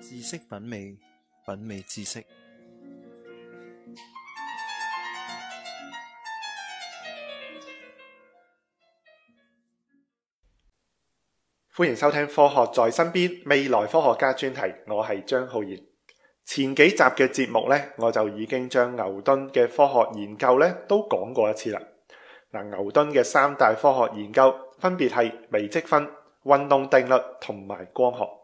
知識品味，品味知識。歡迎收聽《科學在身邊》未來科學家專題，我係張浩然。前幾集嘅節目呢，我就已經將牛頓嘅科學研究咧都講過一次啦。嗱，牛頓嘅三大科學研究分別係微積分、運動定律同埋光學。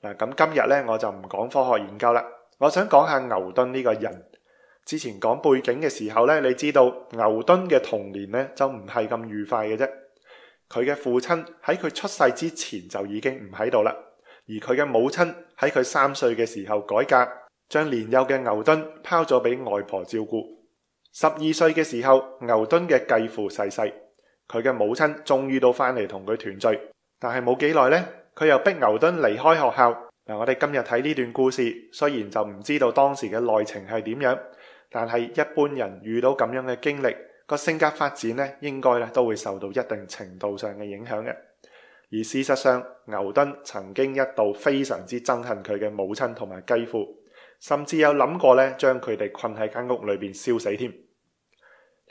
嗱，咁今日呢，我就唔講科學研究啦，我想講下牛頓呢個人。之前講背景嘅時候呢，你知道牛頓嘅童年呢，就唔係咁愉快嘅啫。佢嘅父親喺佢出世之前就已經唔喺度啦，而佢嘅母親喺佢三歲嘅時候改嫁，將年幼嘅牛頓拋咗俾外婆照顧。十二歲嘅時候，牛頓嘅繼父逝世，佢嘅母親終於都翻嚟同佢團聚，但係冇幾耐呢。佢又逼牛頓離開學校。嗱，我哋今日睇呢段故事，雖然就唔知道當時嘅內情係點樣，但係一般人遇到咁樣嘅經歷，個性格發展咧，應該咧都會受到一定程度上嘅影響嘅。而事實上，牛頓曾經一度非常之憎恨佢嘅母親同埋繼父，甚至有諗過咧將佢哋困喺間屋裏邊燒死添。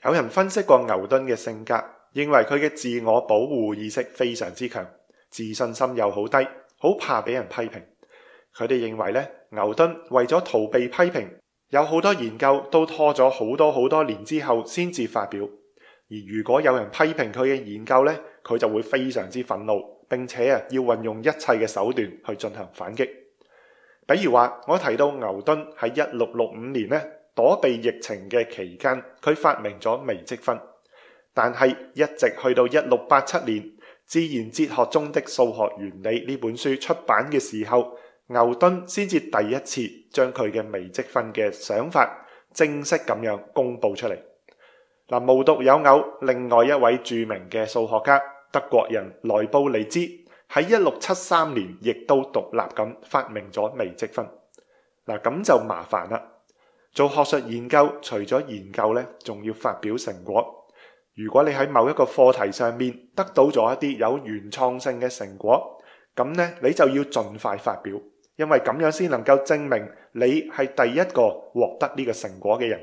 有人分析過牛頓嘅性格，認為佢嘅自我保護意識非常之強。自信心又好低，好怕俾人批評。佢哋認為咧，牛頓為咗逃避批評，有好多研究都拖咗好多好多年之後先至發表。而如果有人批評佢嘅研究呢，佢就會非常之憤怒，並且啊，要運用一切嘅手段去進行反擊。比如話，我提到牛頓喺一六六五年呢，躲避疫情嘅期間，佢發明咗微積分，但係一直去到一六八七年。自然哲學中的數學原理呢本書出版嘅時候，牛頓先至第一次將佢嘅微積分嘅想法正式咁樣公布出嚟。嗱，無獨有偶，另外一位著名嘅數學家，德國人萊布尼茲喺一六七三年，亦都獨立咁發明咗微積分。嗱，咁就麻煩啦。做學術研究，除咗研究呢，仲要發表成果。如果你喺某一個課題上面得到咗一啲有原創性嘅成果，咁呢你就要盡快發表，因為咁樣先能夠證明你係第一個獲得呢個成果嘅人。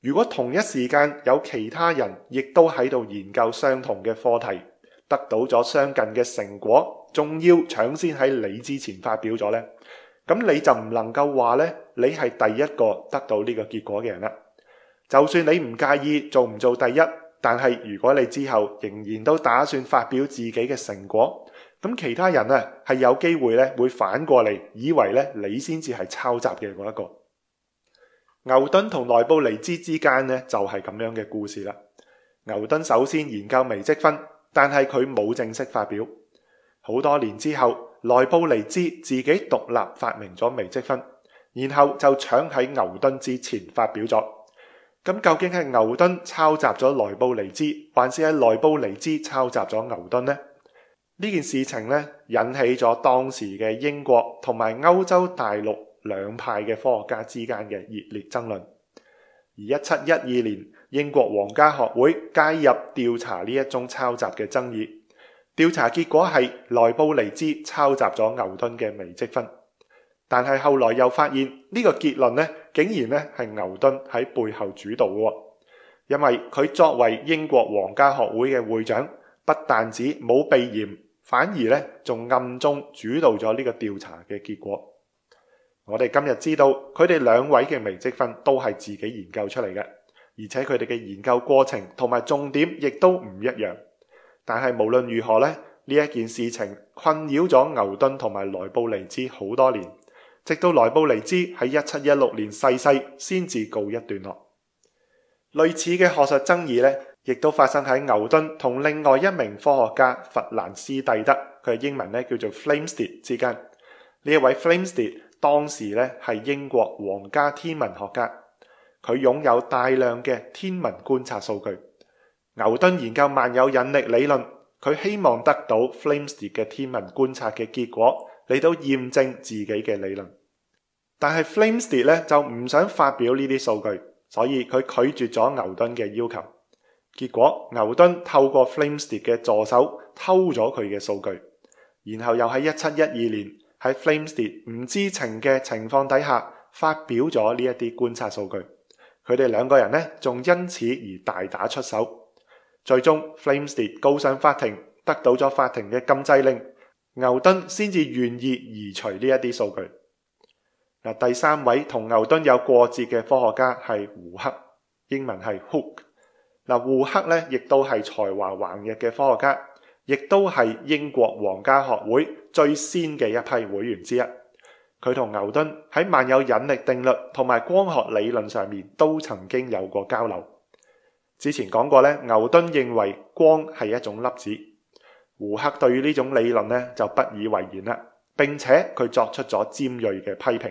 如果同一時間有其他人亦都喺度研究相同嘅課題，得到咗相近嘅成果，仲要搶先喺你之前發表咗呢，咁你就唔能夠話呢你係第一個得到呢個結果嘅人啦。就算你唔介意做唔做第一，但係如果你之後仍然都打算發表自己嘅成果，咁其他人啊係有機會咧會反過嚟，以為咧你先至係抄襲嘅嗰一個。牛頓同萊布尼茲之間呢，就係咁樣嘅故事啦。牛頓首先研究微積分，但係佢冇正式發表。好多年之後，萊布尼茲自己獨立發明咗微積分，然後就搶喺牛頓之前發表咗。咁究竟係牛頓抄襲咗萊布尼茲，還是係萊布尼茲抄襲咗牛頓呢？呢件事情呢，引起咗當時嘅英國同埋歐洲大陸兩派嘅科學家之間嘅熱烈爭論。而一七一二年，英國皇家學會介入調查呢一宗抄襲嘅爭議，調查結果係萊布尼茲抄襲咗牛頓嘅微積分。但係後來又發現呢個結論咧，竟然咧係牛頓喺背後主導嘅。因為佢作為英國皇家學會嘅會長，不但止冇避嫌，反而咧仲暗中主導咗呢個調查嘅結果。我哋今日知道佢哋兩位嘅微積分都係自己研究出嚟嘅，而且佢哋嘅研究過程同埋重點亦都唔一樣。但係無論如何咧，呢一件事情困擾咗牛頓同埋萊布尼茲好多年。直到萊布尼茲喺一七一六年逝世，先至告一段落。類似嘅學術爭議呢，亦都發生喺牛頓同另外一名科學家弗蘭斯蒂德，佢嘅英文呢，叫做 Flamsteed 之間。呢一位 Flamsteed 當時咧係英國皇家天文學家，佢擁有大量嘅天文觀察數據。牛頓研究萬有引力理論，佢希望得到 Flamsteed 嘅天文觀察嘅結果嚟到驗證自己嘅理論。但係 Flamsteed 咧就唔想發表呢啲數據，所以佢拒絕咗牛頓嘅要求。結果牛頓透過 Flamsteed 嘅助手偷咗佢嘅數據，然後又喺一七一二年喺 Flamsteed 唔知情嘅情況底下發表咗呢一啲觀察數據。佢哋兩個人呢仲因此而大打出手，最終 Flamsteed 告上法庭，得到咗法庭嘅禁制令，牛頓先至願意移除呢一啲數據。嗱，第三位同牛頓有過節嘅科學家係胡克，英文係 Hooke。嗱，胡克咧亦都係才華橫溢嘅科學家，亦都係英國皇家學會最先嘅一批會員之一。佢同牛頓喺萬有引力定律同埋光學理論上面都曾經有過交流。之前講過咧，牛頓認為光係一種粒子，胡克對於呢種理論咧就不以為然啦，並且佢作出咗尖銳嘅批評。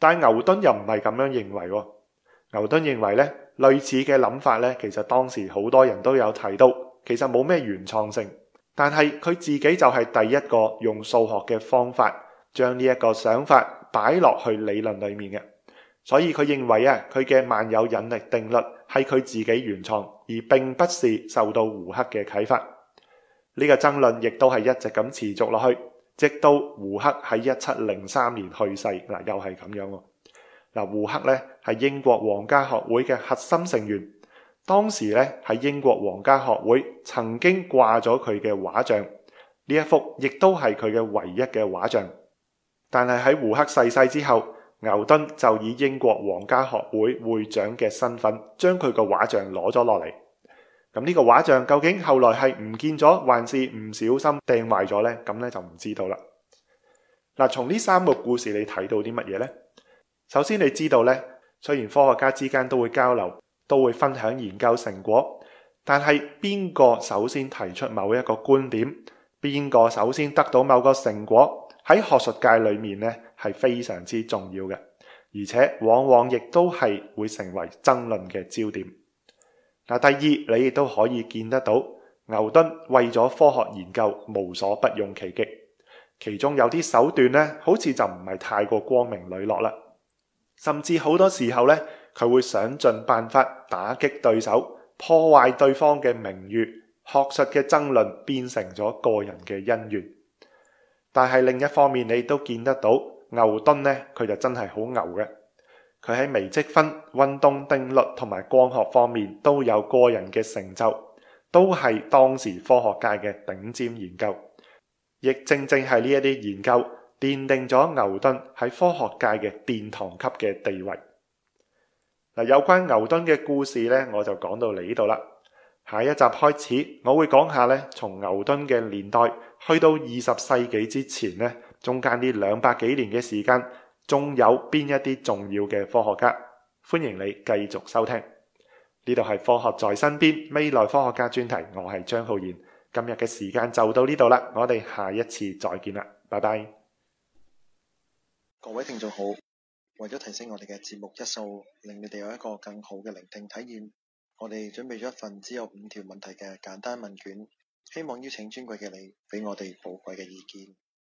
但牛頓又唔係咁樣認為喎，牛頓認為呢，類似嘅諗法呢，其實當時好多人都有提到，其實冇咩原創性。但係佢自己就係第一個用數學嘅方法將呢一個想法擺落去理論裏面嘅，所以佢認為啊，佢嘅萬有引力定律係佢自己原創，而並不是受到胡克嘅啟發。呢個爭論亦都係一直咁持續落去。直到胡克喺一七零三年去世，嗱又係咁樣。嗱胡克呢，係英國皇家學會嘅核心成員，當時呢，喺英國皇家學會曾經掛咗佢嘅畫像，呢一幅亦都係佢嘅唯一嘅畫像。但係喺胡克逝世世之後，牛頓就以英國皇家學會會長嘅身份，將佢嘅畫像攞咗落嚟。咁呢個畫像究竟後來係唔見咗，還是唔小心掟壞咗呢？咁呢就唔知道啦。嗱，從呢三個故事你睇到啲乜嘢呢？首先你知道呢，雖然科學家之間都會交流，都會分享研究成果，但係邊個首先提出某一個觀點，邊個首先得到某個成果，喺學術界裏面呢係非常之重要嘅，而且往往亦都係會成為爭論嘅焦點。嗱，第二你亦都可以見得到牛頓為咗科學研究，無所不用其極，其中有啲手段咧，好似就唔係太過光明磊落啦。甚至好多時候咧，佢會想盡辦法打擊對手，破壞對方嘅名譽，學術嘅爭論變成咗個人嘅恩怨。但係另一方面，你都見得到牛頓咧，佢就真係好牛嘅。佢喺微積分、運動定律同埋光學方面都有個人嘅成就，都係當時科學界嘅頂尖研究，亦正正係呢一啲研究奠定咗牛頓喺科學界嘅殿堂級嘅地位。嗱，有關牛頓嘅故事呢，我就講到嚟呢度啦。下一集開始，我會講下呢，從牛頓嘅年代去到二十世紀之前呢，中間呢兩百幾年嘅時間。仲有邊一啲重要嘅科學家？歡迎你繼續收聽，呢度係科學在身邊未來科學家專題。我係張浩然，今日嘅時間就到呢度啦，我哋下一次再見啦，拜拜。各位聽眾好，為咗提升我哋嘅節目質素，令你哋有一個更好嘅聆聽體驗，我哋準備咗一份只有五條問題嘅簡單問卷，希望邀請尊貴嘅你俾我哋寶貴嘅意見。